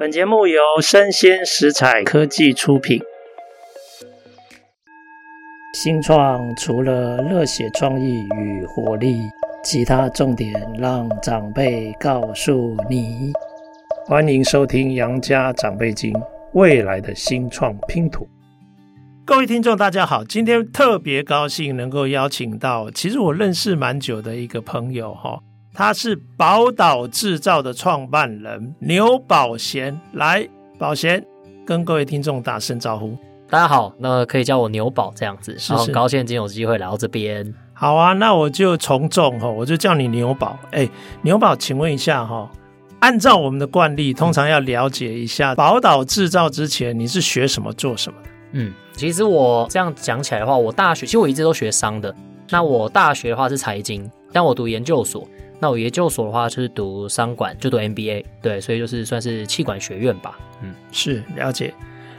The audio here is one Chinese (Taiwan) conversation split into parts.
本節目由聲鮮時采科技出品。新創除了熱血創意與活力，其他重點讓長輩告訴你。歡迎收聽《楊家長輩經》，未來的新創拼圖。各位聽眾，大家好，今天特別高興能夠邀請到，其實我認識蠻久的一個朋友哈。他是寶島製造的創辦人牛寶賢，來，寶賢跟各位聽眾打聲招呼。大家好，那可以叫我牛寶這樣子。是是，然後高興今天有機會來到這邊。好啊，那我就從眾，我就叫你牛寶。欸，牛寶，請問一下哈，按照我們的慣例，通常要了解一下寶島製造之前你是學什麼、做什麼？嗯，其實我這樣講起來的話，我大學其實我一直都學商的。那我大學的話是財經，但我讀研究所，那我研究所的話就是讀商管，就讀 MBA，對，所以就是算是企管學院吧。嗯，是，了解。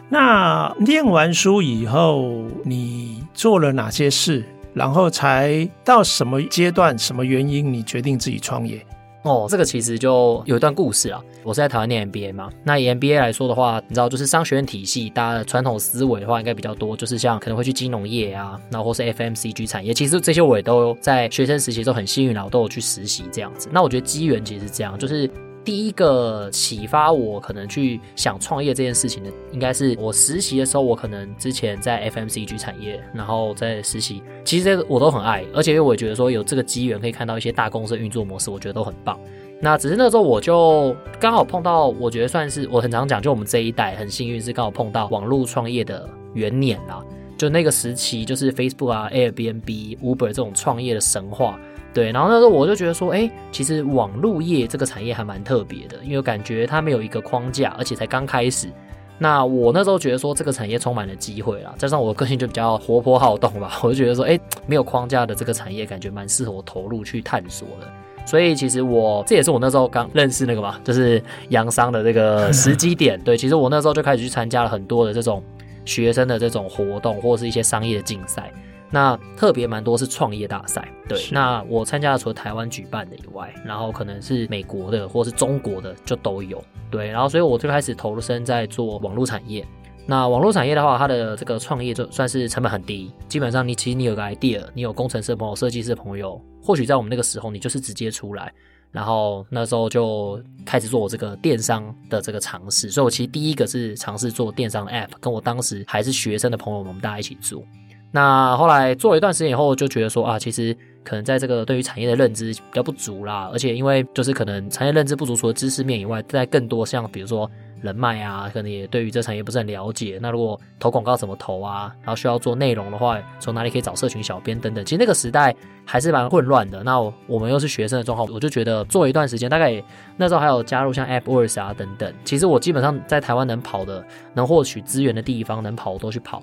那念完書以後，你做了哪些事？然後才到什麼階段？什麼原因你決定自己創業？哦，這個其實就有一段故事啊。我是在台灣念 MBA 嘛，那以 MBA 來說的話，你知道就是商學院體系，大家的傳統思維的話應該比較多，就是像可能會去金融業啊，然後或是 FMCG 產業。其實這些我也都在學生時期都很幸運啦，然後都有去實習這樣子。那我覺得機緣其實是這樣，就是。第一個啟發我可能去想創業這件事情的，應該是我實習的時候，我可能之前在 FMCG 產業，然後在實習，其實這個我都很愛，而且因為我覺得說有這個機緣可以看到一些大公司的運作模式，我覺得都很棒。那只是那時候我就剛好碰到，我覺得算是我很常講，就我們這一代很幸運是剛好碰到網絡創業的元年啦，就那個時期就是 Facebook 啊、Airbnb、Uber 這種創業的神話。對，然後那時候我就覺得說，誒，其實網絡業這個產業還蠻特別的，因為感覺它沒有一個框架，而且才剛開始。那我那時候覺得說，這個產業充滿了機會啦，加上我個性就比較活潑好動吧，我就覺得說，誒，沒有框架的這個產業，感覺蠻適合我投入去探索的。所以其實我這也是我那時候剛認識那個嘛，就是楊桑的這個時機點。 對，其實我那時候就開始去參加了很多的這種學生的這種活動，或者是一些商業的競賽。那特別蠻多是創業大賽是，對。那我參加的除了台灣舉辦的以外，然後可能是美國的或是中國的就都有，對。然後所以我最開始投身在做網絡產業。那網絡產業的話，它的這個創業就算是成本很低，基本上你其實你有個 idea，你有工程師的朋友、設計師的朋友，或許在我們那個時候你就是直接出來，然後那時候就開始做我這個電商的這個嘗試。所以我其實第一個是嘗試做電商的 app，跟我當時還是學生的朋友們，我們大家一起做。那後來做一段時間以後，就覺得說啊，其實可能在這個對於產業的認知比較不足啦，而且因為就是可能產業認知不足，除了知識面以外，在更多像比如說人脈啊，可能也對於這產業不是很了解。那如果投廣告怎麼投啊？然後需要做內容的話，從哪裡可以找社群小編等等，其實那個時代還是蠻混亂的。那我，我們又是學生的狀況，我就覺得做一段時間，大概也那時候還有加入像 AppWorks 啊等等。其實我基本上在台灣能跑的、能獲取資源的地方，能跑我都去跑。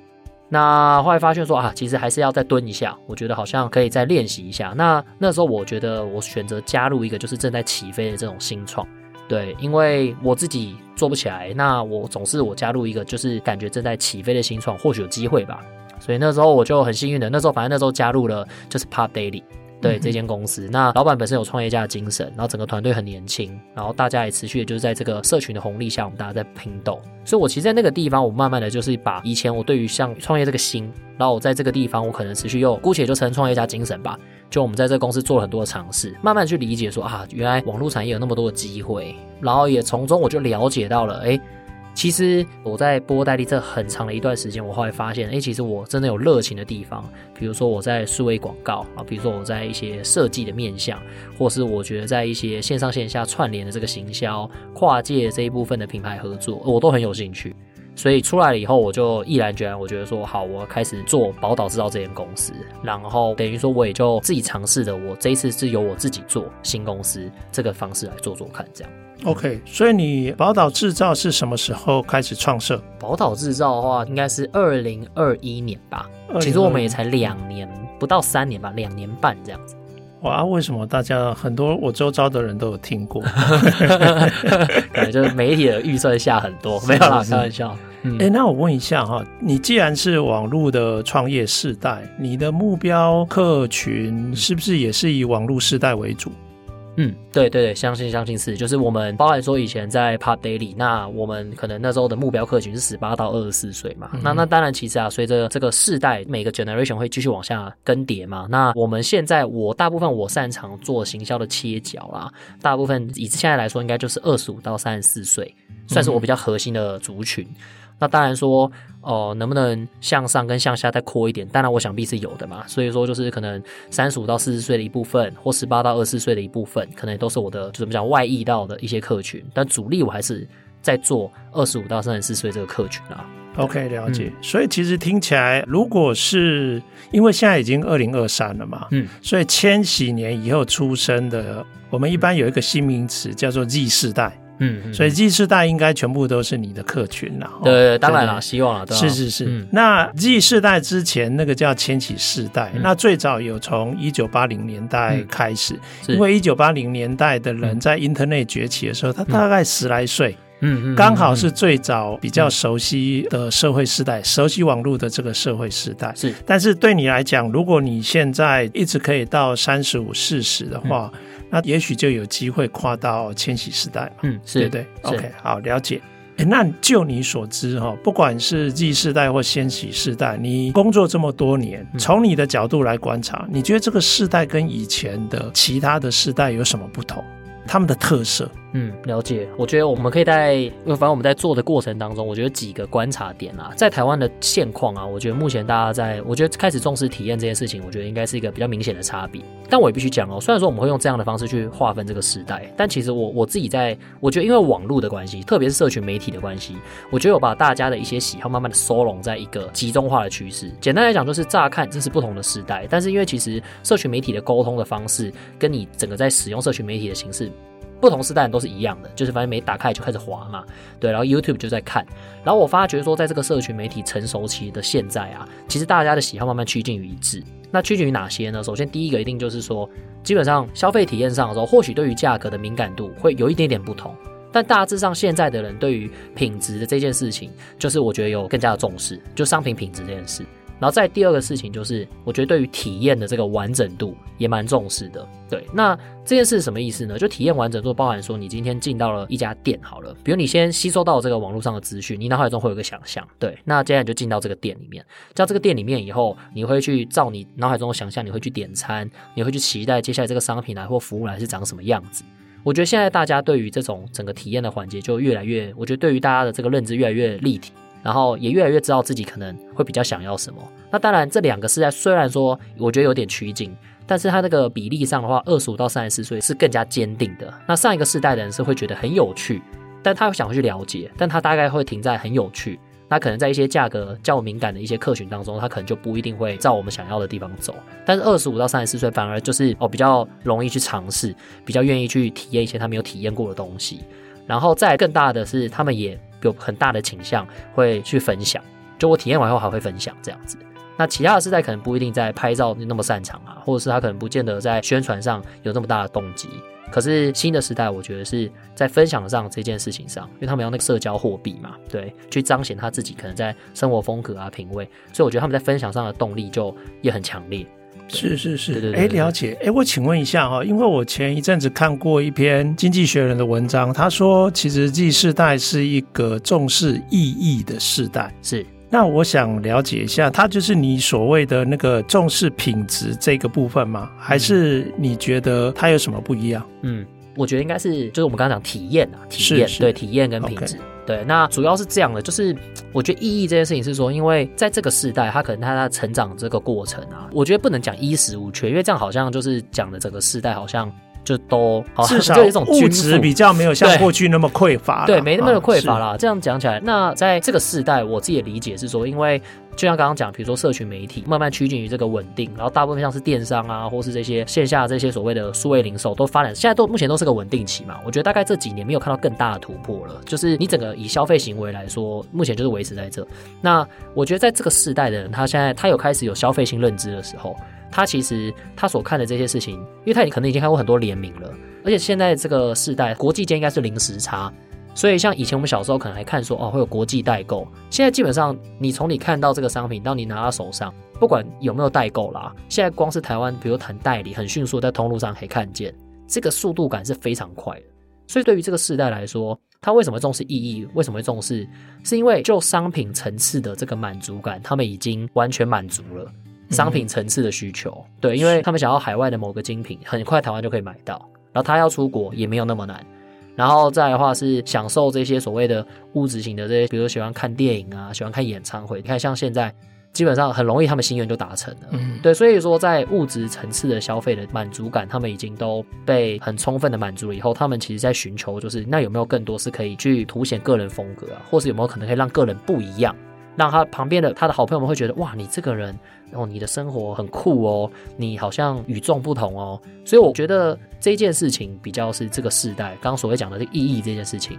那後來發現說啊，其實還是要再蹲一下，我覺得好像可以再練習一下。那那時候我覺得我選擇加入一個就是正在起飛的這種新創，對，因為我自己做不起來。那我總是我加入一個就是感覺正在起飛的新創，或許有機會吧。所以那時候我就很幸運的，那時候反正那時候加入了就是 Pop Daily。對這間公司，那老闆本身有創業家的精神，然後整個團隊很年輕，然後大家也持續的就是在這個社群的紅利下，我們大家在拼鬥。所以，我其實在那個地方，我慢慢的就是把以前我對於像創業這個心，然後我在這個地方，我可能持續又姑且就成創業家精神吧。就我們在這個公司做了很多的嘗試，慢慢去理解說啊，原來網絡產業有那麼多的機會，然後也從中我就了解到了，誒其實我在播代理這很長的一段時間，我後來發現，哎、欸，其實我真的有熱情的地方，比如說我在數位廣告啊，比如說我在一些設計的面向，或是我覺得在一些線上線下串聯的這個行銷、跨界這一部分的品牌合作，我都很有興趣。所以出來了以後，我就毅然決然，我覺得說好，我要開始做寶島製造這間公司，然後等於說我也就自己嘗試的，我這一次是由我自己做新公司這個方式來做做看，這樣。OK，所以你寶島製造是什麼時候開始創設？寶島製造的話，應該是二零二一年吧。其實、嗯嗯、我們也才兩年不到三年吧，兩年半這樣子。哇，為什麼大家很多我周遭的人都有聽過？哈哈哈哈哈！感覺就是媒體的預算下很多， 沒有啦，開玩笑。哎，嗯，欸，那我問一下哈，你既然是網絡的創業世代，你的目標客群是不是也是以網絡世代為主？嗯，對對對，相信相信是，就是我們包含說以前在 PopDaily，那我們可能那時候的目標客群是十八到二十四歲嘛。嗯嗯，那那當然，其實啊，隨着、這個、這個世代每個 Generation 會繼續往下更迭嘛。那我們現在我，我大部分我擅長做行銷的切角啦，大部分以現在來說，應該就是二十五到三十四歲，算是我比較核心的族群。嗯嗯那當然說，哦、呃，能不能向上跟向下再擴一點？當然我想必是有的嘛。所以說就是可能三十五到四十歲的一部分，或十八到二十四歲的一部分，可能也都是我的，就怎麼講外溢到的一些客群。但主力我還是在做二十五到三十四歲這個客群啊。OK，了解。嗯、所以其實聽起來，如果是因為現在已經二零二三了嘛，嗯，所以千禧年以後出生的，我們一般有一個新名詞叫做 Z 世代。嗯，嗯，所以 G 世代應該全部都是你的客群。然後對，哦、對當然了，希望是是是。那 G 世代之前那個叫千禧世代，嗯、那最早有從一九八零年代開始，嗯、因為一九八零年代的人在 Internet 崛起的時候，他大概十來歲。嗯嗯嗯，剛好是最早比較熟悉的社會時代，嗯、熟悉網絡的這個社會時代是。但是對你來講，如果你現在一直可以到三十五、四十的話，嗯、那也許就有機會跨到千禧時代嘛？嗯，是對不對是？OK，好，了解。誒那就你所知哈、哦，不管是 G 世代，或千禧世代，你工作這麼多年，從你的角度來觀察，嗯、你覺得這個世代跟以前的其他的時代有什麼不同？他們的特色？嗯，了解。我覺得我們可以在，因為反正我們在做的過程當中，我覺得幾個觀察點啊，在台灣的現況啊，我覺得目前大家在，我覺得開始重視體驗這件事情，我覺得應該是一個比較明顯的差別。但我也必須講哦，雖然說我們會用這樣的方式去劃分這個時代，但其實我我自己在，我覺得因為網絡的關係，特別是社群媒體的關係，我覺得我把大家的一些喜好慢慢的收攏在一個集中化的趨勢。簡單來講，就是乍看這是不同的時代，但是因為其實社群媒體的溝通的方式，跟你整個在使用社群媒體的形式。不同時代都是一樣的，就是反正沒打開就開始滑嘛，對，然後 YouTube 就在看，然後我發覺說，在這個社群媒體成熟期的現在啊，其實大家的喜好慢慢趨近於一致。那趨近於哪些呢？首先第一個一定就是說，基本上消費體驗上的時候，或許對於價格的敏感度會有一點點不同，但大致上現在的人對於品質的這件事情，就是我覺得有更加的重視，就商品品質這件事。然後再第二個事情就是，我覺得對於體驗的這個完整度也蠻重視的。對，那這件事是什麼意思呢？就體驗完整度包含說，你今天進到了一家店好了，比如你先吸收到這個網絡上的資訊，你腦海中會有個想象。對，那接下來你就進到這個店裡面，在這，這個店裡面以後，你會去照你腦海中的想象，你會去點餐，你會去期待接下來這個商品來或服務來是長什麼樣子。我覺得現在大家對於這種整個體驗的環節就越來越，我覺得對於大家的這個認知越來越立體。然後也越來越知道自己可能會比較想要什麼。那當然，這兩個世代雖然說我覺得有點趨近，但是他那個比例上的話，二十五到三十四歲是更加堅定的。那上一個世代的人是會覺得很有趣，但他想去了解，但他大概會停在很有趣。那可能在一些價格較敏感的一些客群當中，他可能就不一定會照我們想要的地方走。但是二十五到三十四歲反而就是哦，比較容易去嘗試，比較願意去體驗一些他沒有體驗過的東西。然後再來更大的是，他們也，有很大的傾向會去分享，就我體驗完後還會分享這樣子。那其他的世代可能不一定在拍照那麼擅長啊，或者是他可能不見得在宣傳上有那麼大的動機。可是新的時代，我覺得是在分享上這件事情上，因為他們要那個社交貨幣嘛，對，去彰顯他自己可能在生活風格啊、品味，所以我覺得他們在分享上的動力就也很強烈。對是是是，哎，了解。哎，我請問一下哈，因為我前一陣子看過一篇《經濟學人》的文章，他說其實 Z 世代是一個重視意義的世代，是。那我想了解一下，它就是你所謂的那個重視品質這個部分嗎？還是你覺得它有什麼不一樣？嗯。嗯我覺得應該是，就是我們剛剛講體驗啊，體驗，是是，對，體驗跟品質，Okay. 對。那主要是這樣的，就是我覺得意義這件事情是說，因為在這個世代，他可能他他成長這個過程啊，我覺得不能講衣食無缺，因為這樣好像就是講的整個世代好像。就都至少物質比較沒有像過去那麼匱乏，對，對，沒那麼的匱乏啦。啊、這樣講起來，那在這個世代，我自己也理解是說，因為就像剛剛講，比如說社群媒體慢慢趨近於這個穩定，然後大部分像是電商啊，或是這些線下這些所謂的數位零售都發展，現在都目前都是個穩定期嘛。我覺得大概這幾年沒有看到更大的突破了，就是你整個以消費行為來說，目前就是維持在這。那我覺得在這個世代的人，他現在他有開始有消費性認知的時候。他其實他所看的這些事情，因為他可能已經看過很多聯名了，而且現在這個世代，國際間應該是零時差，所以像以前我們小時候可能還看說哦會有國際代購，現在基本上你從你看到這個商品，到你拿到手上，不管有沒有代購啦，現在光是台灣，比如談代理，很迅速在通路上可以看見，這個速度感是非常快的。所以對於這個世代來說，他為什麼重視意義？為什麼會重視？是因為就商品層次的這個滿足感，他們已經完全滿足了。商品層次的需求，對，因為他們想要海外的某個精品，很快台灣就可以買到。然後他要出國也沒有那麼難。然後再來的話是享受這些所謂的物質型的這些，比如說喜歡看電影啊，喜歡看演唱會。你看，像現在基本上很容易，他們心願就達成了。嗯，對，所以說在物質層次的消費的滿足感，他們已經都被很充分的滿足了以後，他們其實在尋求，就是那有沒有更多是可以去凸顯個人風格啊，或是有沒有可能可以讓個人不一樣，讓他旁邊的他的好朋友們會覺得哇，你這個人。然後、哦、你的生活很酷哦，你好像與眾不同哦，所以我覺得這件事情比較是這個時代剛剛所謂講的意義這件事情，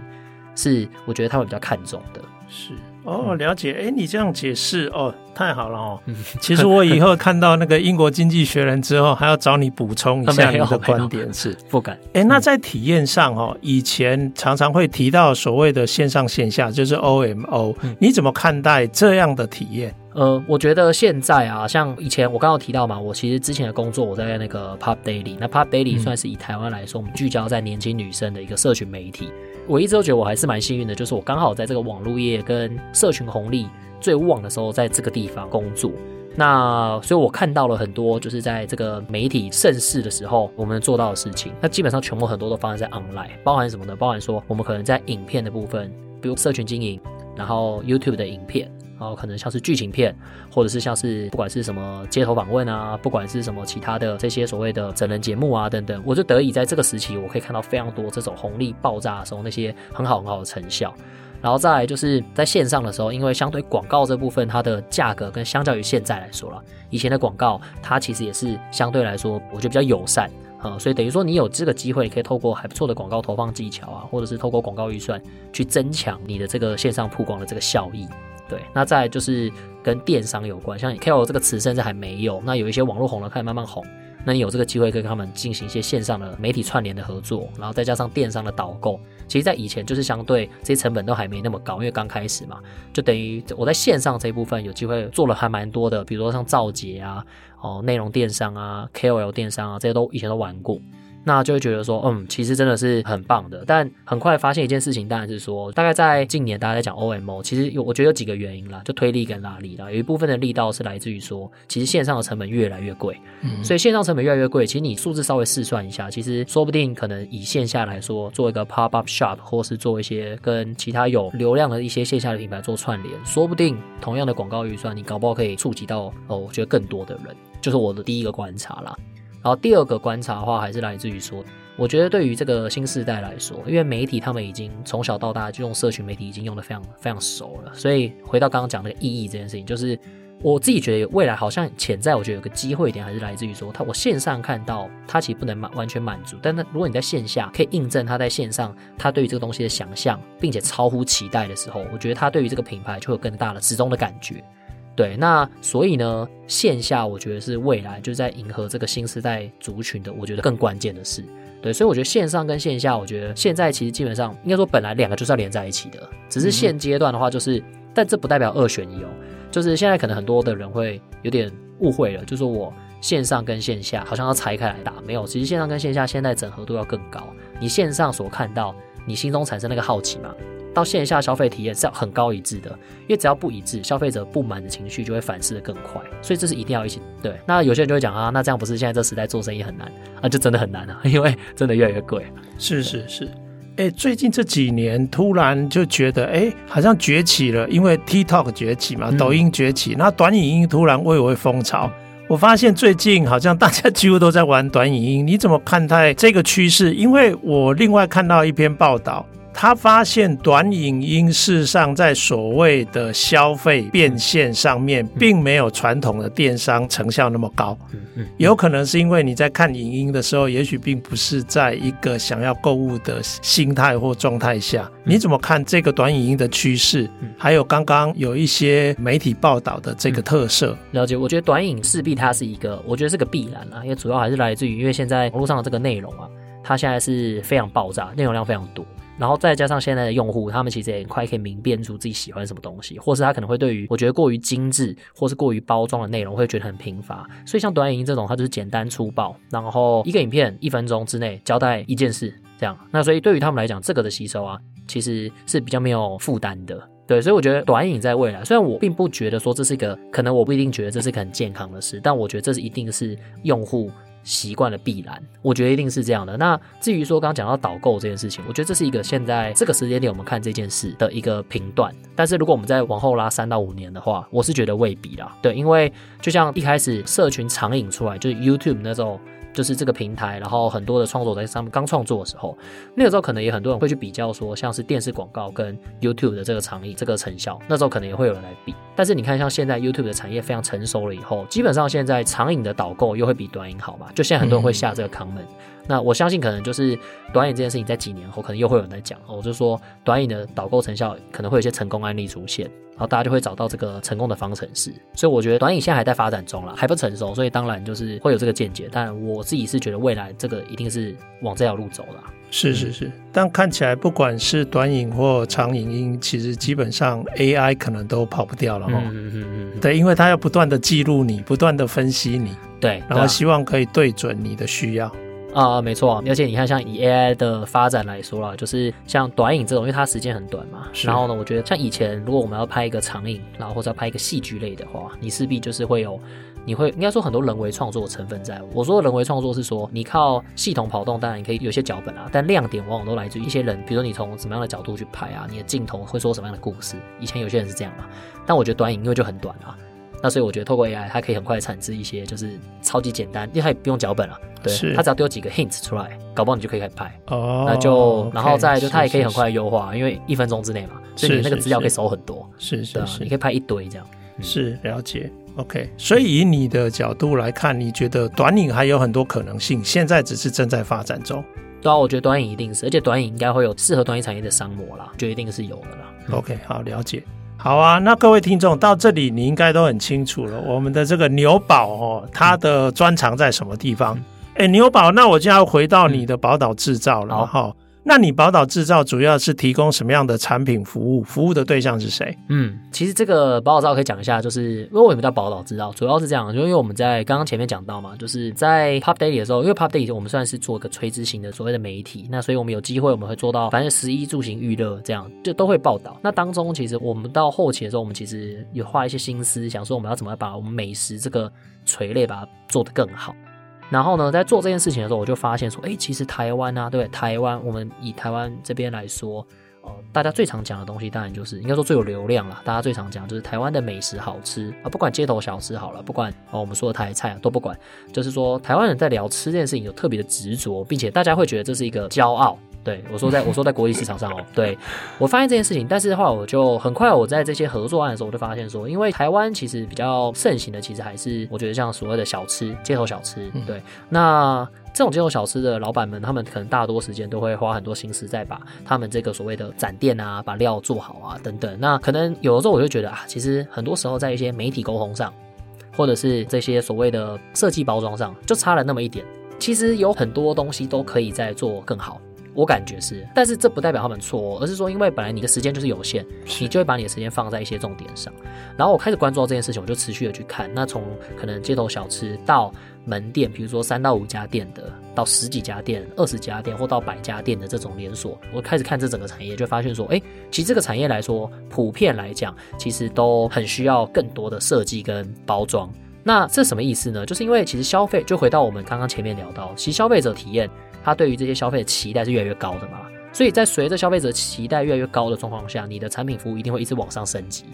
是我覺得他會比較看重的。是哦，了解。哎、嗯欸，你這樣解釋哦，太好了哦。嗯、其實我以後看到那個《英國經濟學人》之後， 還要找你補充一下你的觀點。是不敢。哎、欸，那在體驗上哦，嗯、以前常常會提到所謂的線上線下，就是 OMO、嗯、你怎麼看待這樣的體驗？呃，我覺得現在啊，像以前我剛剛提到嘛，我其實之前的工作我在那個 Pop Daily，那 Pop Daily 算是以台灣來說，我們聚焦在年輕女生的一個社群媒體。嗯、我一直都覺得我還是蠻幸運的，就是我剛好在這個網絡業跟社群紅利最旺的時候，在這個地方工作。那所以，我看到了很多就是在這個媒體盛世的時候，我們能做到的事情。那基本上，全部很多都發生在 online，包含什麼呢？包含說我們可能在影片的部分，比如社群經營，然後 YouTube 的影片。然後可能像是劇情片，或者是像是不管是什麼街頭訪問啊，不管是什麼其他的這些所謂的整人節目啊等等，我就得以在這個時期，我可以看到非常多這種紅利爆炸的時候那些很好很好的成效。然後再來就是在線上的時候，因為相對廣告這部分，它的價格跟相較於現在來說啦，以前的廣告它其實也是相對來說，我覺得比較友善啊，嗯，所以等於說你有這個機會，你可以透過還不錯的廣告投放技巧啊，或者是透過廣告預算去增強你的這個線上曝光的這個效益。對，那再就是跟電商有關，像 KOL 這個詞甚至還沒有，那有一些網絡紅了，開始慢慢紅，那你有這個機會可以跟他們進行一些線上的媒體串聯的合作，然後再加上電商的導購，其實在以前就是相對這些成本都還沒那麼高，因為剛開始嘛，就等於我在線上這一部分有機會做了還蠻多的，比如說像造節啊，哦，內容電商啊，KOL 電商啊，這些都以前都玩過。那就會覺得說，嗯，其實真的是很棒的。但很快發現一件事情，當然是說，大概在近年，大家在講 OMO，其實有，我覺得有幾個原因啦，就推力跟拉力啦。有一部分的力道是來自於說，其實線上的成本越來越貴，嗯，所以線上成本越來越貴，其實你數字稍微試算一下，其實說不定可能以線下來說，做一個 pop up shop，或是做一些跟其他有流量的一些線下的品牌做串聯，說不定同樣的廣告預算，你搞不好可以觸及到哦，我覺得更多的人，就是我的第一個觀察啦。然後第二個觀察的話，還是來自於說，我覺得對於這個新世代來說，因為媒體他們已經從小到大就用社群媒體，已經用得非常非常熟了。所以回到剛剛講那個意義這件事情，就是我自己覺得未來好像潛在，我覺得有個機會點，還是來自於說，他我線上看到他其實不能滿完全滿足，但他如果你在線下可以印證他在線上他對於這個東西的想象，並且超乎期待的時候，我覺得他對於這個品牌就有更大的始終的感覺。對，那所以呢，線下我覺得是未來就在迎合這個新時代族群的。我覺得更關鍵的事，對，所以我覺得線上跟線下，我覺得現在其實基本上應該說本來兩個就是要連在一起的，只是現階段的話就是，嗯、但這不代表二選一哦，就是現在可能很多的人會有點誤會了，就說我線上跟線下好像要拆開來打，沒有，其實線上跟線下現在整合度要更高，你線上所看到。你心中產生那個好奇嘛，到線下消費體驗是要很高一致的，因為只要不一致，消費者不滿的情緒就會反思得更快。所以這是一定要一起對。那有些人就會講啊，那這樣不是現在這時代做生意很難啊？就真的很難啊，因為真的越來越貴。是是是，哎、欸，最近這幾年突然就覺得哎、欸，好像崛起了，因為 TikTok 崛起嘛，嗯、抖音崛起，那短影音突然蔚為風潮。我發現最近好像大家幾乎都在玩短影音，你怎麼看待這個趨勢？因為我另外看到一篇報道。他發現短影音事實上在所謂的消費變現上面，嗯嗯嗯、並沒有傳統的電商成效那麼高。嗯嗯，嗯嗯有可能是因為你在看影音的時候，也許並不是在一個想要購物的心態或狀態下。嗯、你怎麼看這個短影音的趨勢？嗯、還有剛剛有一些媒體報道的這個特色？了解，我覺得短影勢必它是一個，我覺得是個必然啊，因為主要還是來自於因為現在網絡上的這個內容啊，它現在是非常爆炸，內容量非常多。然後再加上現在的用戶，他們其實也很快可以明辨出自己喜歡什麼東西，或是他可能會對於我覺得過於精致或是過於包裝的內容會覺得很貧乏。所以像短影這種，它就是簡單粗暴，然後一個影片一分鐘之內交代一件事這樣。那所以對於他們來講，這個的吸收啊，其實是比較沒有負擔的。對，所以我覺得短影在未來，雖然我並不覺得說這是一個可能，我不一定覺得這是個很健康的事，但我覺得這是一定是用戶。習慣的必然，我覺得一定是這樣的。那至於說剛剛講到導購這件事情，我覺得這是一個現在這個時間點我們看這件事的一個評斷。但是如果我們再往後拉三到五年的話，我是覺得未必啦。對，因為就像一開始社群長影出來，就是 YouTube 那種。就是這個平台，然後很多的創作者在上面剛創作的時候，那個時候可能也很多人會去比較說，像是電視廣告跟 YouTube 的這個長影這個成效，那時候可能也會有人來比。但是你看，像現在 YouTube 的產業非常成熟了以後，基本上現在長影的導購又會比短影好嘛，就現在很多人會下這個 comment、嗯。那我相信，可能就是短影這件事情，在幾年後可能又會有人在講。我、哦、就說，短影的導購成效可能會有一些成功案例出現，然後大家就會找到這個成功的方程式。所以我覺得短影現在還在發展中了，還不成熟，所以當然就是會有這個見解。但我自己是覺得未來這個一定是往這條路走了、啊。是是是，但看起來不管是短影或長影音，其實基本上 AI 可能都跑不掉了哈、哦。嗯，嗯嗯嗯。對，因為它要不斷的記錄你，不斷的分析你，對，然後希望可以對準你的需要。啊、呃，沒錯，而且你看，像以 AI 的發展來說啦，就是像短影這種，因為它時間很短嘛。是然後呢，我覺得像以前，如果我們要拍一個長影，然後或者要拍一個戲劇類的話，你勢必就是會有，你會應該說很多人為創作成分在我。我說的人為創作是說，你靠系統跑動，當然你可以有些腳本啊，但亮點往往都來自於一些人，比如說你從什麼樣的角度去拍啊，你的鏡頭會說什麼樣的故事。以前有些人是這樣嘛，但我覺得短影因為就很短啊。那所以我覺得，透過 AI，它可以很快產生一些，就是超級簡單，因為它也不用腳本了。對，它只要丟幾個 hint 出來，搞不好你就可以開始拍。哦，那就然後再就它也可以很快優化，因為一分鐘之內嘛，所以你那個資料可以收很多。是是，你可以拍一堆這樣。是了解，OK。所以以你的角度來看，你覺得短影還有很多可能性，現在只是正在發展中。對啊，我覺得短影一定是，而且短影應該會有適合短影產業的商模啦，就一定是有的啦。OK，好，了解。好啊，那各位聽眾到這裡，你應該都很清楚了，我們的這個牛寶哦，它的專長在什麼地方？誒、欸，牛寶，那我就要回到你的寶島製造了哈。嗯那你寶島製造主要是提供什麼樣的產品服務？服務的對象是誰？嗯，其實這個寶島製造可以講一下，就是因為我們叫寶島製造，主要是這樣，因為因為我們在剛剛前面講到嘛，就是在 Pop Daily 的時候，因為 Pop Daily 我們算是做一個垂直型的所謂的媒體，那所以我們有機會我們會做到，反正食衣住行娛樂這樣就都會報道。那當中其實我們到後期的時候，我們其實有花一些心思，想說我們要怎麼把我們美食這個垂類把它做得更好。然後呢，在做這件事情的時候，我就發現說，哎，其實台灣啊，對，對台灣，我們以台灣這邊來說，呃，大家最常講的東西，當然就是應該說最有流量了。大家最常講就是台灣的美食好吃啊，不管街頭小吃好了，不管哦我們說的台菜啊，都不管，就是說台灣人在聊吃這件事情有特別的執着，並且大家會覺得這是一個驕傲。對，我說在，在我說在國際市場上哦，對，我發現這件事情，但是的話，我就很快我在這些合作案的時候，我就發現說，因為台灣其實比較盛行的，其實還是我覺得像所謂的小吃，街頭小吃。對，嗯、那這種街頭小吃的老闆們，他們可能大多時間都會花很多心思在把他們這個所謂的展店啊，把料做好啊等等。那可能有的時候我就覺得啊，其實很多時候在一些媒體溝通上，或者是這些所謂的設計包裝上，就差了那麼一點。其實有很多東西都可以再做更好。我感覺是，但是這不代表他們錯哦，而是說，因為本來你的時間就是有限，你就會把你的時間放在一些重點上。然後我開始關注到這件事情，我就持續的去看。那從可能街頭小吃到門店，比如說三到五家店的，到十幾家店、二十家店，或到百家店的這種連鎖，我開始看這整個產業，就發現說，誒、欸，其實這個產業來說，普遍來講，其實都很需要更多的設計跟包裝。那這什麼意思呢？就是因為其實消費，就回到我們剛剛前面聊到，其實消費者體驗。他對於這些消費的期待是越來越高的嘛，所以在隨着消費者期待越來越高的狀況下，你的產品服務一定會一直往上升級，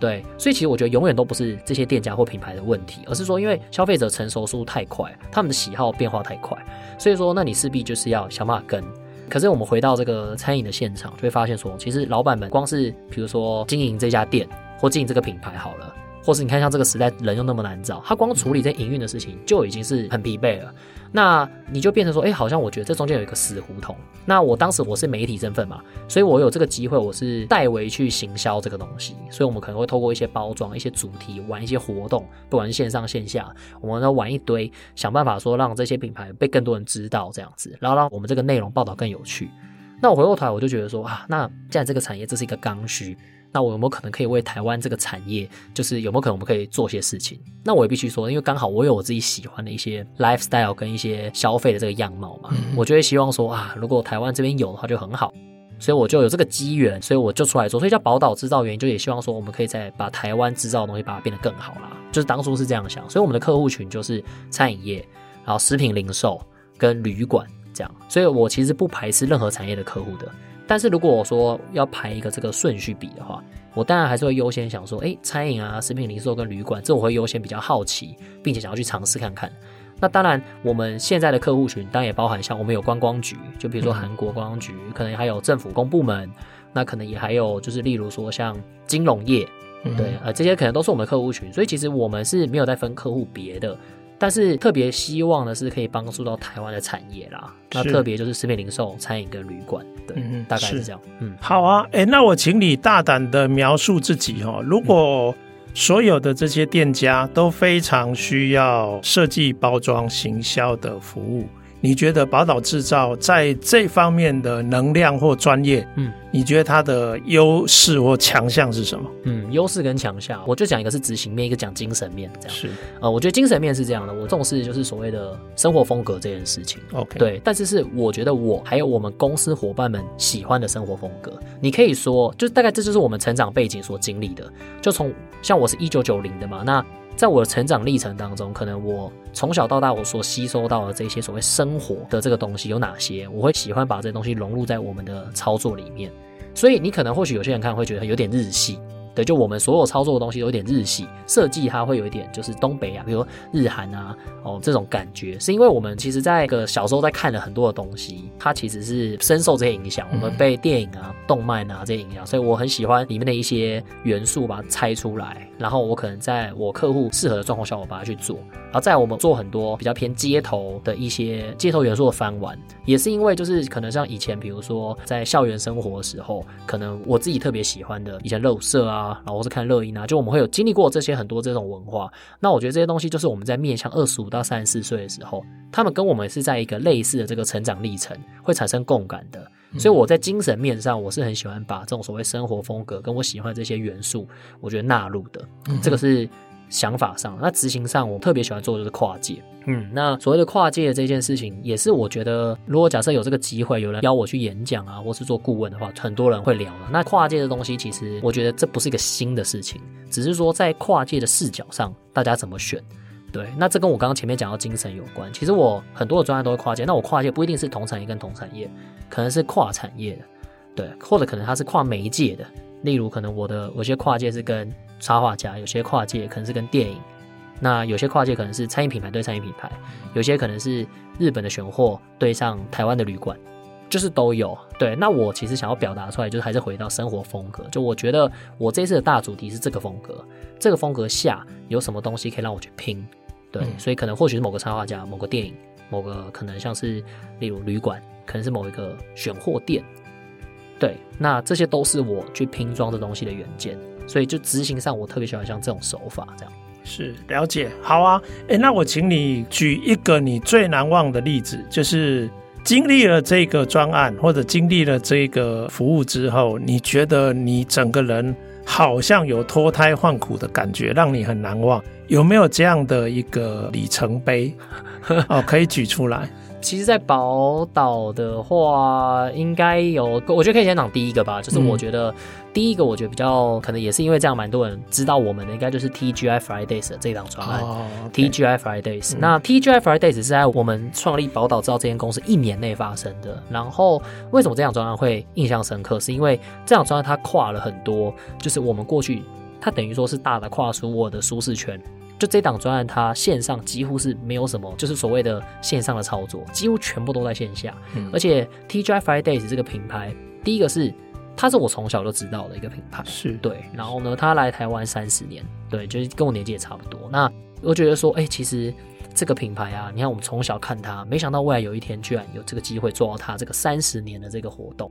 對，所以其實我覺得永遠都不是這些店家或品牌的問題，而是說因為消費者成熟速度太快，他們的喜好變化太快，所以說那你勢必就是要想辦法跟。可是我們回到這個餐飲的現場，就會發現說，其實老闆們光是比如說經營這家店或經營這個品牌好了，或是你看像這個時代人又那麼難找，他光處理這營運的事情就已經是很疲憊了。那你就變成說，哎、欸，好像我覺得這中間有一個死胡同。那我當時我是媒體身份，嘛，所以我有這個機會，我是代為去行銷這個東西。所以，我們可能會透過一些包裝、一些主題、玩一些活動，不管是線上線下，我們都玩一堆，想辦法說，讓這些品牌被更多人知道，這樣子，然後讓我們這個內容報道更有趣。那我回過頭來，我就覺得說，啊，那現在這個產業這是一個剛需。那我有沒有可能可以為台灣這個產業，就是有沒有可能我們可以做些事情？那我也必須說，因為剛好我有我自己喜歡的一些 lifestyle 跟一些消費的這個樣貌嘛，我就會希望說啊，如果台灣這邊有的話就很好，所以我就有這個機緣，所以我就出來做，所以叫寶島製造的原因，就也希望說，我們可以再把台灣製造的東西把它變得更好啦，就是當初是這樣想，所以我們的客戶群就是餐飲業，然後食品零售跟旅館這樣，所以我其實不排斥任何產業的客戶的。但是如果我說要排一個這個順序比的話，我當然還是會優先想說，誒、欸，餐飲啊、食品零售跟旅館，這我會優先比較好奇，並且想要去嘗試看看。那當然，我們現在的客戶群當然也包含像我們有觀光局，就比如說韓國觀光局，嗯、可能還有政府公部門，那可能也還有就是例如說像金融業，對，嗯、呃，這些可能都是我們的客戶群，所以其實我們是沒有在分客戶別的。但是特別希望的是可以幫助到台灣的產業啦。是那特別就是食品零售、餐飲跟旅館，對，嗯嗯大概是這樣。是嗯，好啊，誒、欸，那我請你大膽的描述自己哈、哦。如果所有的這些店家都非常需要設計、包裝、行銷的服務。你覺得寶島製造在這方面的能量或專業，嗯，你覺得它的優勢或強項是什麼？嗯，優勢跟強項，我就講一個是執行面，一個講精神面，這樣是。呃，我覺得精神面是這樣的，我重視就是所謂的生活風格這件事情。OK，對，但是是我覺得我還有我們公司夥伴們喜歡的生活風格，你可以說，就大概這就是我們成長背景所經歷的，就從，像我是一九九零的嘛，那。在我的成長歷程當中，可能我從小到大我所吸收到的這些所謂生活的這個東西有哪些？我會喜歡把這些東西融入在我們的操作裡面，所以你可能或許有些人看會覺得有點日系。就我們所有操作的東西都有點日系設計，它會有一點就是東北啊，比如說日韓啊，哦這種感覺，是因為我們其實在一個小時候在看了很多的東西，它其實是深受這些影響。我們被電影啊、動漫啊這些影響，所以我很喜歡裡面的一些元素，把它拆出來，然後我可能在我客戶適合的狀況下，我把它去做。而在我們做很多比較偏街頭的一些街頭元素的翻玩，也是因為就是可能像以前，比如說在校園生活的時候，可能我自己特別喜歡的以前肉色啊。然後是看樂意啊，就我們會有經歷過這些很多這種文化，那我覺得這些東西就是我們在面向二十五到三十四歲的時候，他們跟我們是在一個類似的這個成長歷程，會產生共感的。嗯、哼所以我在精神面上，我是很喜歡把這種所謂生活風格跟我喜歡的這些元素，我覺得納入的。嗯、哼這個是，想法上，那執行上，我特別喜歡做的就是跨界。嗯，那所謂的跨界這件事情，也是我覺得，如果假設有這個機會，有人邀我去演講啊，或是做顧問的話，很多人會聊的啊。那跨界的東西，其實我覺得這不是一個新的事情，只是說在跨界的視角上，大家怎麼選。對，那這跟我剛剛前面講到精神有關。其實我很多的專業都會跨界。那我跨界不一定是同產業跟同產業，可能是跨產業的，對，或者可能它是跨媒介的。例如，可能我的有些跨界是跟插畫家，有些跨界可能是跟電影，那有些跨界可能是餐飲品牌對餐飲品牌，有些可能是日本的選貨對上台灣的旅館，就是都有。對，那我其實想要表達出來，就是還是回到生活風格。就我覺得我這次的大主題是這個風格，這個風格下有什麼東西可以讓我去拼？對，所以可能或許是某個插畫家，某個電影，某個可能像是例如旅館，可能是某一個選貨店。對，那這些都是我去拼裝的東西的原件，所以就執行上，我特別喜歡像這種手法這樣。是了解，好啊。誒，那我請你舉一個你最難忘的例子，就是經歷了這個專案或者經歷了這個服務之後，你覺得你整個人好像有脫胎換骨的感覺，讓你很難忘，有沒有這樣的一個里程碑？ 哦，可以舉出來。其實，在寶島的話，應該有，我覺得可以先講第一個吧。就是我覺得、嗯、第一個，我覺得比較可能也是因為這樣，蠻多人知道我們的，應該就是 TGI Fridays 的這檔專案。哦 okay、TGI Fridays，、嗯、那 TGI Fridays 是在我們創立寶島製造這間公司一年內發生的。然後，為什麼這檔專案會印象深刻？是因為這檔專案它跨了很多，就是我們過去它等於說是大的跨出我的舒適圈。就這檔專案，它線上幾乎是沒有什麼，就是所謂的線上的操作，幾乎全部都在線下。嗯、而且 TGI Fridays 這個品牌，第一個是它是我從小就知道的一個品牌，是對。然後呢，它來台灣三十年，對，就是跟我年紀也差不多。那我覺得說，哎、欸，其實這個品牌啊，你看我們從小看它，沒想到未來有一天居然有這個機會做到它這個三十年的這個活動。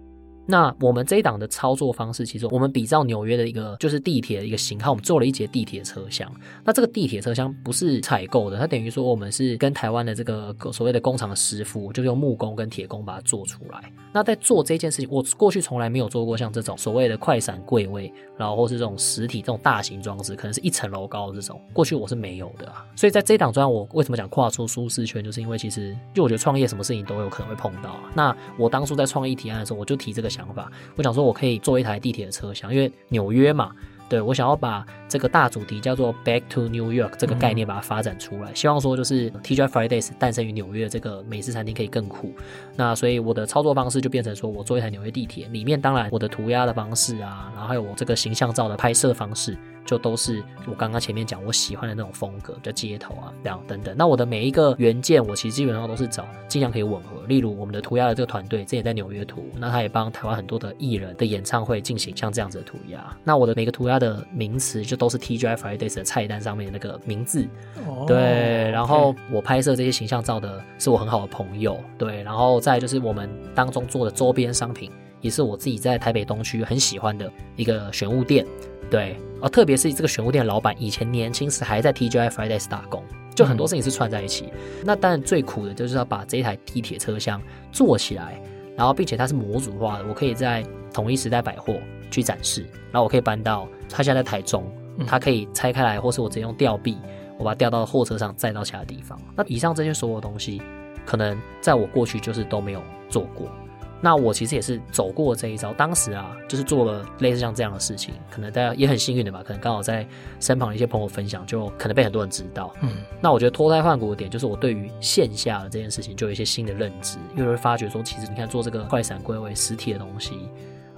那我們這一檔的操作方式，其實我們比照紐約的一個就是地鐵的一個型號，我們做了一節地鐵車廂。那這個地鐵車廂不是採購的，它等於說我們是跟台灣的這個所謂的工廠的師傅，就用木工跟鐵工把它做出來。那在做這件事情，我過去從來沒有做過像這種所謂的快閃櫃位，然後或是這種實體這種大型裝置，可能是一層樓高的這種，過去我是沒有的，啊。所以在這一檔專案，我為什麼想跨出舒適圈，就是因為其實，就我覺得創業什麼事情都有可能會碰到，啊。那我當初在創意提案的時候，我就提這個。想法，我想說我可以做一台地鐵的車廂，因為紐約嘛，對，我想要把這個大主題叫做《Back to New York》這個概念把它發展出來，嗯、希望說就是 TGI Fridays 誕生於紐約的這個美式餐廳可以更酷。那所以我的操作方式就變成說我坐一台紐約地鐵，裡面當然我的塗鴉的方式啊，然後還有我這個形象照的拍攝方式。就都是我剛剛前面講我喜歡的那種風格，就街頭啊，這樣等等。那我的每一個原件，我其實基本上都是找盡量可以吻合。例如我們的塗鴉的這個團隊，這也在紐約圖，那他也幫台灣很多的藝人的演唱會進行像這樣子的塗鴉。那我的每個塗鴉的名詞，就都是 TGI Fridays 的菜單上面的那個名字。Oh, okay. 對，然後我拍攝這些形象照的是我很好的朋友。對，然後再就是我們當中做的周邊商品，也是我自己在台北東區很喜歡的一個選物店。對。啊，特別是這個選物店的老闆，以前年輕時還在 TGI Fridays 打工，就很多事情是串在一起。嗯、那當然最苦的就是要把這一台地鐵車廂做起來，然後並且它是模組化的，我可以在統一時代百貨去展示，然後我可以搬到他現在在台中，他可以拆開來，或是我直接用吊臂，我把它吊到貨車上，載到其他地方。那以上這些所有的東西，可能在我過去就是都沒有做過。那我其實也是走過這一招，當時啊，就是做了類似像這樣的事情，可能大家也很幸運的吧，可能剛好在身旁的一些朋友分享，就可能被很多人知道。嗯，那我覺得脫胎換骨的點就是我對於線下的這件事情就有一些新的認知，因為我會發覺說其實你看做這個快閃櫃位實體的東西，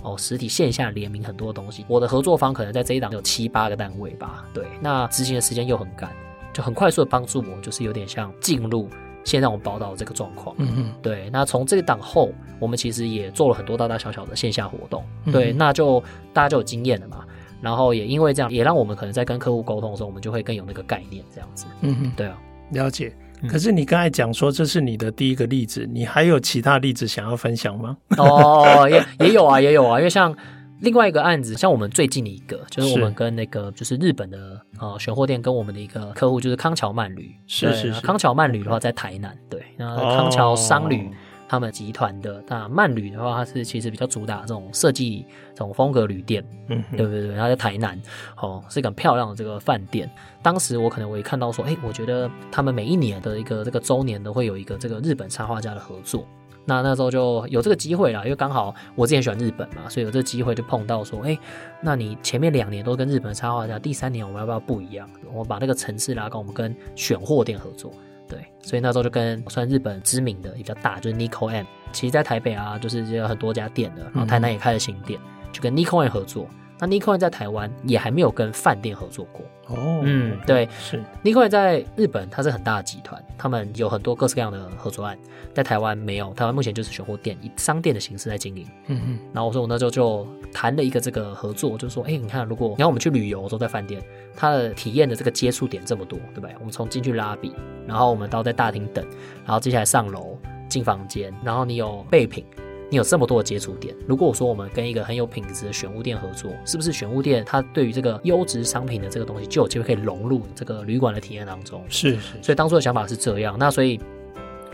哦，實體線下聯名很多東西，我的合作方可能在這一檔有七八個單位吧，對，那執行的時間又很趕，就很快速的幫助我，就是有點像進入。現在我們寶島這個狀況，嗯嗯哼，對。那從這個檔後，我們其實也做了很多大大小小的線下活動，嗯、哼對。那就大家就有經驗了嘛。然後也因為這樣，也讓我們可能在跟客戶溝通的時候，我們就會更有那個概念，這樣子。嗯嗯哼，對啊，了解。可是你剛才講說，這是你的第一個例子，嗯、你還有其他例子想要分享嗎？哦，也也有啊，也有啊，因為像。另外一個案子，像我們最近的一個，就是我們跟那個就是日本的呃選貨店跟我們的一個客戶，就是康橋慢旅。是是是。康橋慢旅的話，在台南，對，那康橋商旅他們集團的、哦、那慢旅的話，它是其實比較主打這種設計、這種風格旅店，嗯哼，對不對？對，它在台南，哦，是一個很漂亮的這個飯店。當時我可能我一看到說，哎、欸，我覺得他們每一年的一個這個週年，都會有一個這個日本插畫家的合作。那那時候就有這個機會了，因為剛好我之前喜歡日本嘛，所以有這個機會就碰到說，哎、欸，那你前面兩年都跟日本的插畫家，第三年我們要不要不一樣？我把那個層次拉高，我們跟選貨店合作。對，所以那時候就跟算日本知名的、也比較大，就是 niko and。其實在台北啊，就是就有很多家店的，然後台南也開了新店，嗯、就跟 niko and 合作。那、啊、Nikon 在台灣也還沒有跟飯店合作過哦，oh, 嗯，嗯對，是 Nikon 在日本，它是很大的集團，他們有很多各式各樣的合作案，在台灣沒有，台灣目前就是選貨店，以商店的形式在經營。嗯嗯哼，然後我說我那時候就談了一個這個合作，我就說，哎、欸，你看，如果你看我們去旅遊，都在飯店，他的體驗的這個接觸點這麼多，對不對？我們從進去拉比，然後我們到在大廳等，然後接下來上樓進房間，然後你有備品。你有這麼多的接觸點，如果我說我們跟一個很有品質的選物店合作，是不是選物店它對於這個優質商品的這個東西就有機會可以融入這個旅館的體驗當中？是是。所以當初的想法是這樣。那所以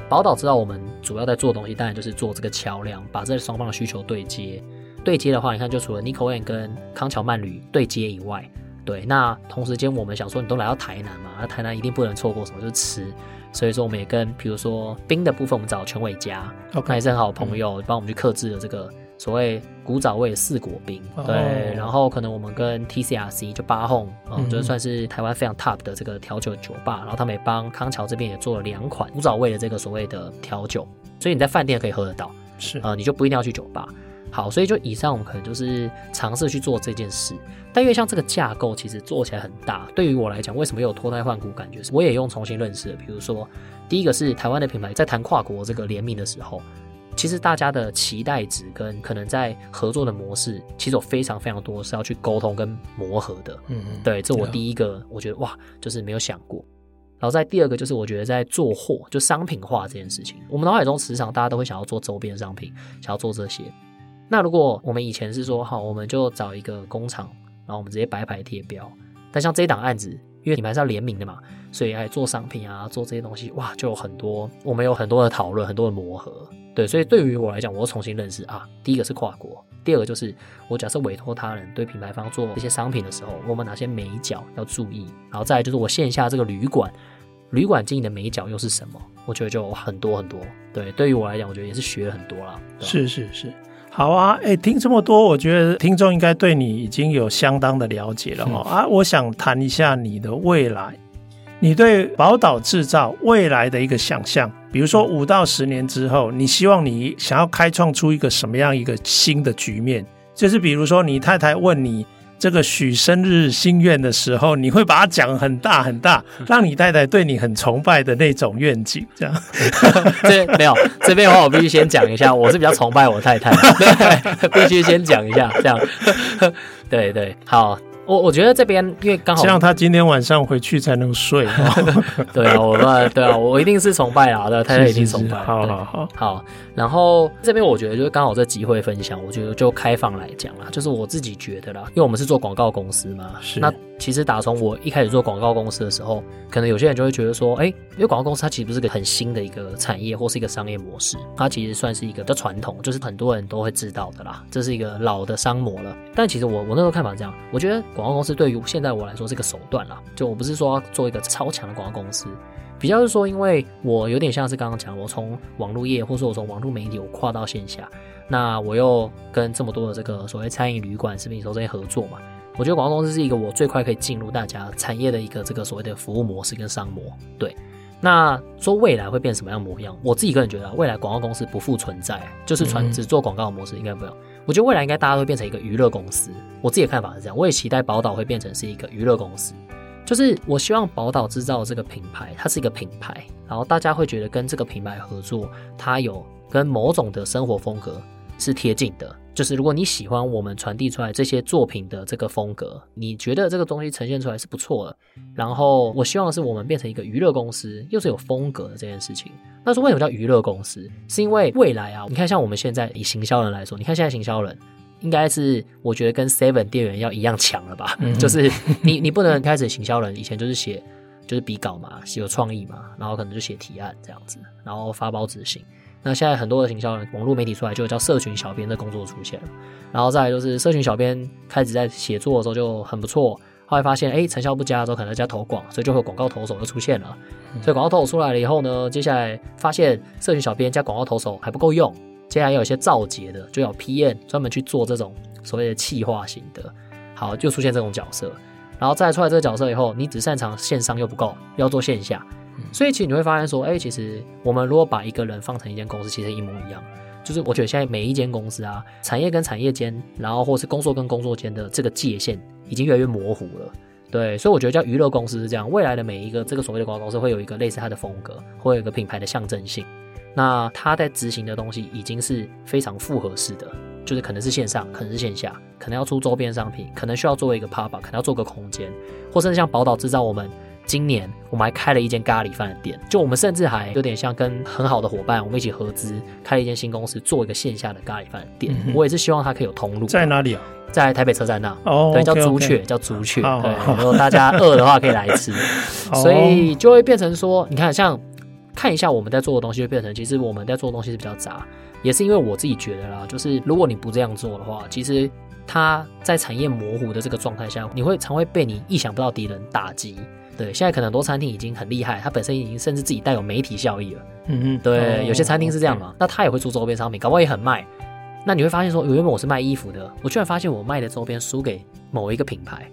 寶島知道我們主要在做的東西，當然就是做這個橋梁，把這雙方的需求對接。對接的話，你看，就除了 niko and 跟康橋慢旅對接以外，對。那同時間我們想說，你都來到台南嘛，那台南一定不能錯過什麼，就是吃。所以說，我們也跟比如說冰的部分，我們找陳偉嘉，那 Okay, 也是很好朋友，幫、嗯、我們去客製了這個所謂古早味的四果冰。Oh, 對，然後可能我們跟 T C R C 就 Bar Home，、呃、嗯，就算是台灣非常 top 的這個調酒酒吧，然後他們也幫康橋這邊也做了兩款古早味的這個所謂的調酒，所以你在飯店可以喝得到，是、呃，你就不一定要去酒吧。好，所以就以上，我們可能就是嘗試去做這件事。但因為像這個架構，其實做起來很大。對於我來講，為什麼有脫胎換骨感覺？是我也用重新認識的。比如說，第一個是台灣的品牌在談跨國這個聯名的時候，其實大家的期待值跟可能在合作的模式，其實有非常非常多是要去溝通跟磨合的。嗯嗯。對，這我第一個，我覺得哇，就是沒有想過。然後在第二個，就是我覺得在做貨，就商品化這件事情，我們腦海中時常大家都會想要做周邊商品，想要做這些。那如果我們以前是說好，我們就找一個工廠，然後我們直接白牌貼標。但像這一檔案子，因為品牌是要聯名的嘛，所以還做商品啊，做這些東西，哇，就有很多。我們有很多的討論，很多的磨合，對。所以對於我來講，我重新認識啊，第一個是跨國，第二個就是我假設委托他人對品牌方做這些商品的時候，我們哪些眉角要注意？然後再來就是我線下這個旅館，旅館經營的眉角又是什麼？我覺得就很多很多。對，對於我來講，我覺得也是學了很多啦。是是是。好啊，哎，聽這麼多，我覺得聽眾應該對你已經有相當的了解了哈。是啊，我想談一下你的未來，你對寶島製造未來的一個想象，比如說五到十年之後，嗯、你希望你想要開創出一個什麼樣一個新的局面？就是比如說，你太太問你。這個許生日心願的時候，你會把它講很大很大，讓你太太對你很崇拜的那種願景，這樣。嗯，這沒有這邊的話，我必須先講一下，我是比較崇拜我的太太，對，必須先講一下，這樣。對對，好。我我覺得這邊因為剛好，像他今天晚上回去才能睡，哦。 對啊，我啊，對啊，我一定是崇拜啊，對，是是是，太太一定是崇拜啦，是是。好，好，好，好。好，然後這邊我覺得就是剛好這機會分享，我覺得就開放來講啦，就是我自己覺得啦，因為我們是做廣告公司嘛。是。那其實打從我一開始做廣告公司的時候，可能有些人就會覺得說，哎，欸，因為廣告公司它其實不是一個很新的一個產業或是一個商業模式，它其實算是一個的傳統，就是很多人都會知道的啦，這是一個老的商模了。但其實我我那時候看法是這樣，我覺得。廣告公司對於現在我來說是個手段啦，就我不是說要做一個超強的廣告公司，比較是說，因為我有點像是剛剛講，我從網絡業或者我從網絡媒體，我跨到線下，那我又跟這麼多的這個所謂餐飲、旅館、食品、零售這些合作嘛，我覺得廣告公司是一個我最快可以進入大家產業的一個這個所謂的服務模式跟商模。對，那說未來會變什麼樣模樣，我自己個人覺得，未來廣告公司不復存在，就是傳只做廣告的模式、嗯、應該不要。我覺得未來應該大家會變成一個娛樂公司。我自己的看法是這樣，我也期待寶島會變成是一個娛樂公司。就是我希望寶島製造的這個品牌，它是一個品牌，然後大家會覺得跟這個品牌合作，它有跟某種的生活風格。是貼近的，就是如果你喜歡我們傳遞出來這些作品的這個風格，你覺得這個東西呈現出來是不錯的。然後我希望是我們變成一個娛樂公司，又是有風格的這件事情。那說為什麼叫娛樂公司？是因為未來啊，你看像我們現在以行銷人來說，你看現在行銷人應該是我覺得跟 Seven 店員要一樣強了吧？ 就是你你不能開始行銷人以前就是寫就是比稿嘛，寫有創意嘛，然後可能就寫提案這樣子，然後發包執行。那現在很多的行銷人，網絡媒體出來就有叫社群小編的工作出現了，然後再來就是社群小編開始在寫作的時候就很不錯，後來發現哎、欸、成效不佳的時候可能加投廣，所以就會有廣告投手就出現了。所以廣告投手出來了以後呢，接下來發現社群小編加廣告投手還不夠用，接下來有一些造節的，就要 PM 專門去做這種所謂的企劃型的，好，就出現這種角色，然後再來出來這個角色以後，你只擅長線上又不夠，要做線下。嗯、所以其實你會發現說，哎、欸，其實我們如果把一個人放成一間公司，其實一模一樣。就是我覺得現在每一間公司啊，產業跟產業間，然後或者是工作跟工作間的這個界限已經越來越模糊了。對，所以我覺得叫娛樂公司是這樣。未來的每一個這個所謂的廣告公司，會有一個類似它的風格，會有一個品牌的象徵性。那它在執行的東西已經是非常複合式的，就是可能是線上，可能是線下，可能要出周邊商品，可能需要做一個 pop up，可能要做個空間，或甚至像寶島製造我們。今年我們還開了一間咖喱飯店，就我們甚至還有點像跟很好的夥伴，我們一起合資開了一間新公司，做一個線下的咖喱飯店。嗯哼。我也是希望它可以有通路、啊，在哪裡啊？在台北車站那哦，oh, 對，okay, okay. 叫“朱雀 ”，oh, okay. 叫“朱雀”。Oh, 對，oh, 如果大家餓的話可以來吃，oh, 所以就會變成說，你看，像看一下我們在做的東西，就變成其實我們在做的東西是比較雜，也是因為我自己覺得啦，就是如果你不這樣做的話，其實它在產業模糊的這個狀態下，你會常會被你意想不到敵人打擊。對，現在可能很多餐廳已經很厲害，它本身已經甚至自己帶有媒體效益了。嗯嗯哼，對，嗯、哼有些餐廳是這樣嘛，嗯、哼那它也會出周邊商品，搞不好也很賣。那你會發現說，原本我是賣衣服的，我居然發現我賣的周邊輸給某一個品牌，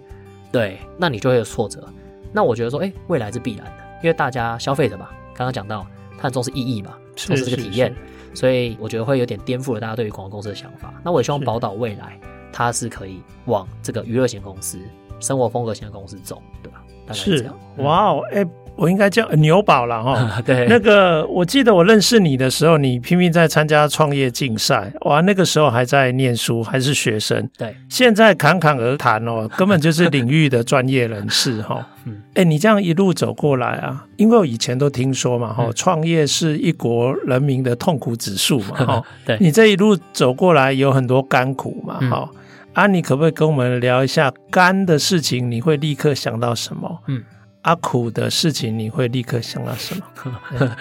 對，那你就會有挫折。那我覺得說，哎、欸，未來是必然的，因為大家消費者嘛，剛剛講到他很重視意義嘛，重視這個體驗，所以我覺得會有點顛覆了大家對於廣告公司的想法。那我也希望寶島未來是它是可以往這個娛樂型公司、生活風格型的公司走，對吧？是哇哦，哎、欸，我應該叫牛寶了哈。 對，那個我記得我認識你的時候，你拼命在參加創業競賽，哇，那個時候還在念書，還是學生。對，現在侃侃而談哦，根本就是領域的專業人士哈。嗯，哎，你這樣一路走過來啊，因為我以前都聽說嘛，哈、嗯，創業是一國人民的痛苦指數嘛，哈 對。對你這一路走過來，有很多甘苦嘛，哈、嗯。阿，啊、你可不可以跟我們聊一下甘的事情？你會立刻想到什麼？嗯，阿、啊、苦的事情你會立刻想到什麼？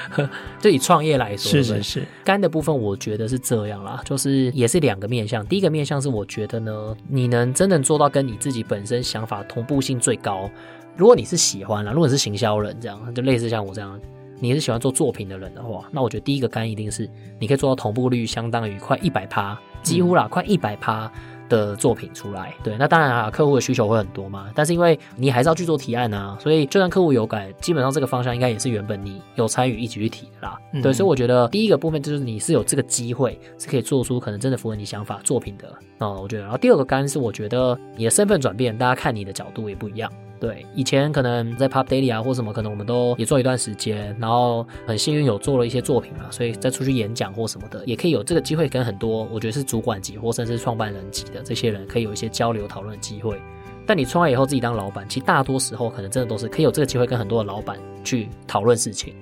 就以創業來說，是是是。甘的部分，我覺得是這樣啦，就是也是兩個面向。第一個面向是，我覺得呢，你能真正做到跟你自己本身想法同步性最高。如果你是喜歡啦，如果你是行銷人這樣，就類似像我這樣，你是喜歡做作品的人的話，那我覺得第一個甘一定是你可以做到同步率相當於快一百趴，幾乎啦，嗯、快一百趴。的作品出來，對，那當然啊，客戶的需求會很多嘛，但是因為你還是要去做提案啊，所以就算客戶有改，基本上這個方向應該也是原本你有參與一起去提的啦，嗯、對，所以我覺得第一個部分就是你是有這個機會是可以做出可能真的符合你想法作品的啊、嗯，我覺得，然後第二個干是我覺得你的身份轉變，大家看你的角度也不一樣。對，以前可能在 Pop Daily 啊，或什麼，可能我們都也做一段時間，然後很幸運有做了一些作品嘛、啊，所以再出去演講或什麼的，也可以有這個機會跟很多我覺得是主管級或甚至創辦人級的這些人，可以有一些交流討論的機會。但你創業以後自己當老板，其實大多時候可能真的都是可以有這個機會跟很多的老板去討論事情。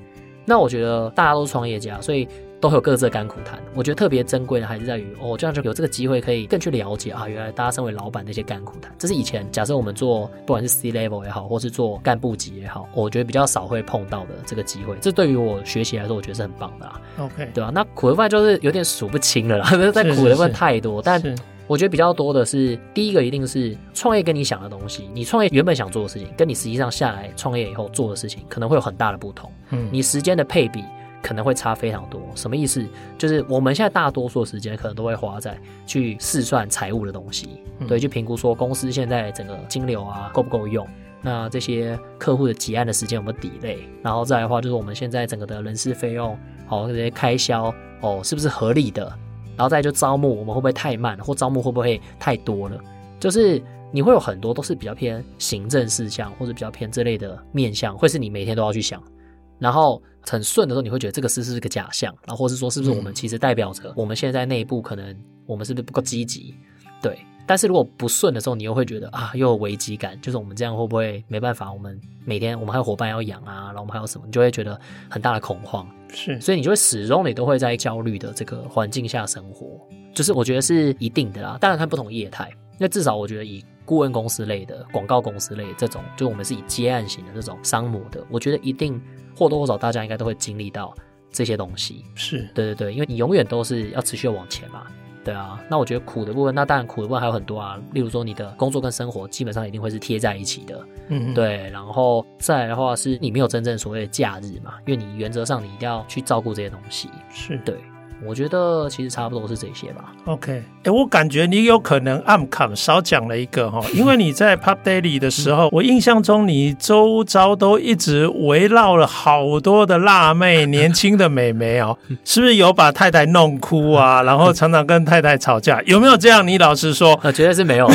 那我覺得大家都是創業家，所以。都會有各自的甘苦談，我覺得特別珍貴的還是在於哦，這樣就有這個機會可以更去了解啊，原來大家身為老板那些甘苦談。這是以前假設我們做不管是 C level 也好，或是做幹部級也好，我覺得比較少會碰到的這個機會。這對於我學習來說，我覺得是很棒的啦。OK，對吧？啊，那苦的話就是有點數不清了啦，Okay. 不是在苦的部分太多，是是是，但我覺得比較多的是，是是第一個一定是創業跟你想的東西，你創業原本想做的事情，跟你實際上下來創業以後做的事情，可能會有很大的不同。嗯，你時間的配比。可能會差非常多，什麼意思？就是我們現在大多數的時間可能都會花在去試算財務的東西，嗯、對，去評估說公司現在整個金流啊夠不夠用，那這些客戶的結案的時間有沒有 delay，然後再來的話就是我們現在整個的人事費用，好、哦、這些開銷哦是不是合理的，然後再來就招募，我們會不會太慢，或招募會不會太多了？就是你會有很多都是比較偏行政事項，或者比較偏這類的面向，會是你每天都要去想，然後。很順的時候，你會覺得這個事是，是個假象，然後或是說，是不是我們其實代表着我們現在在內部可能我們是不是不夠積極？對。但是如果不順的時候，你又會覺得啊，又有危機感，就是我們這樣會不會沒辦法？我們每天我們還有夥伴要養啊，然後我們還有什麼，你就會覺得很大的恐慌。是，所以你就會始終你都會在焦慮的這個環境下生活。就是我覺得是一定的啦，當然看不同業態。那至少我覺得以顧問公司類的、廣告公司類這種，就我們是以接案型的這種商模的，我覺得一定。或多或少，大家應該都會經歷到這些東西。是對對對，因為你永遠都是要持續往前嘛。對啊，那我覺得苦的部分，那當然苦的部分還有很多啊。例如說，你的工作跟生活基本上一定會是貼在一起的。嗯嗯，對。然後再來的話，是你沒有真正所謂的假日嘛。因為你原則上你一定要去照顧這些東西。是對。我覺得其實差不多是這些吧。OK，誒我感覺你有可能暗卡少講了一個哈，因為你在 PopDaily 的時候，嗯、我印象中你周遭都一直圍繞了好多的辣妹、年輕的美眉哦，是不是有把太太弄哭啊？嗯、然後常常跟太太吵架，嗯、有沒有這樣？你老實說，我覺、呃、是沒有對。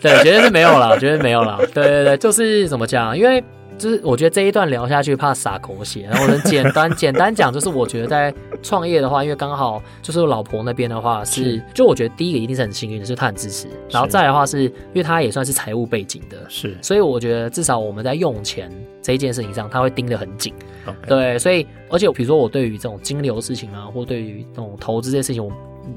對，絕對是沒有了，絕對沒有了。對對對，就是怎麼講，因為。就是我覺得這一段聊下去怕灑狗血，然後我簡單 簡單講，就是我覺得在創業的話，因為剛好就是我老婆那邊的話是，是就我覺得第一個一定是很幸運的，就是她很支持，然後再來的話是，是因為她也算是財務背景的，是，所以我覺得至少我們在用錢這一件事情上，他會盯得很緊，是對，所以而且我比如說我對於這種金流事情啊，或對於這種投資這件事情，我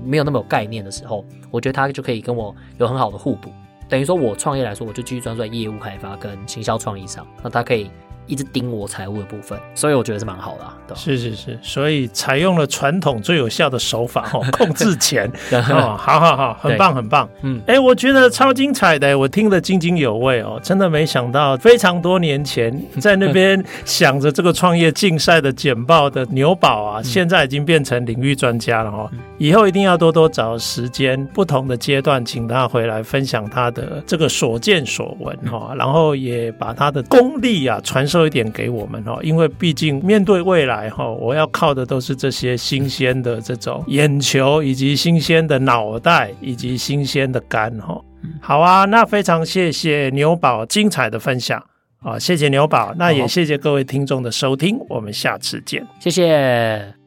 沒有那麼有概念的時候，我覺得他就可以跟我有很好的互補。等於說，我創業來說，我就繼續專注在業務開發跟行銷創意上。那他可以，一直盯我財務的部分，所以我覺得是蠻好的。啊，是是是，所以採用了傳統最有效的手法哦，控制錢 對哦，好好好，很棒對很棒，嗯，哎、欸，我覺得超精彩的，我聽得津津有味哦，真的沒想到，非常多年前在那邊想着這個創業競賽的簡報的牛寶啊， 現在已經變成領域專家了哦，嗯、以後一定要多多找時間，不同的階段請他回來分享他的這個所見所聞哈，嗯、然後也把他的功力啊 傳授。多一點給我們哈，因為畢竟面對未來哈，我要靠的都是這些新鮮的這種眼球，以及新鮮的腦袋，以及新鮮的肝哈。好啊，那非常謝謝牛寶精彩的分享啊，謝謝牛寶，那也謝謝各位聽眾的收聽，我們下次見，謝謝。